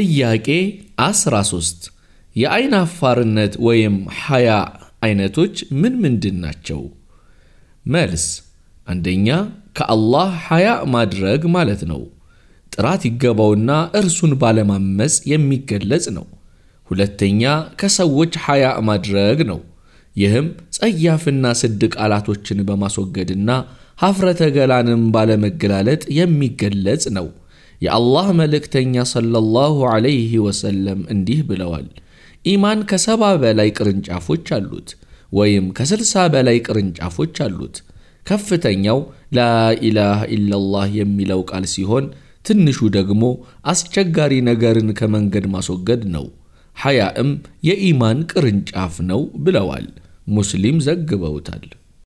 ጥያቄ 13 የአይን አፋርነት ወይም ሐያ አይነቶች ምን ምንድን ናቸው? መልስ፣ አንደኛ ከአላህ ሐያ ማድረግ ማለት ነው። ጥራት ይገባውና እርሱን ባለማመፅ የሚገለጽ ነው። ሁለተኛ ከሰዎች ሐያ ማድረግ ነው። ይህም ጸያፍና ስድ ቃላቶችን በማስወገድና ሀፍረተ ገላንም ባለመገላለጥ የሚገለጽ ነው። የአላህ መልእክተኛ ሰለላሁ ዐለይሂ ወሰለም እንዲህ ብለዋል፣ ኢማን ከሰባ በላይ ቅርንጫፎች አሉት ወይም ከስልሳ በላይ ቅርንጫፎች አሉት። ከፍተኛው ላኢላህ ኢላላህ የሚለው ቃል ሲሆን ትንሹ ደግሞ አስቸጋሪ ነገርን ከመንገድ ማስወገድ ነው። ሐያእም የኢማን ቅርንጫፍ ነው ብለዋል። ሙስሊም ዘግበውታል።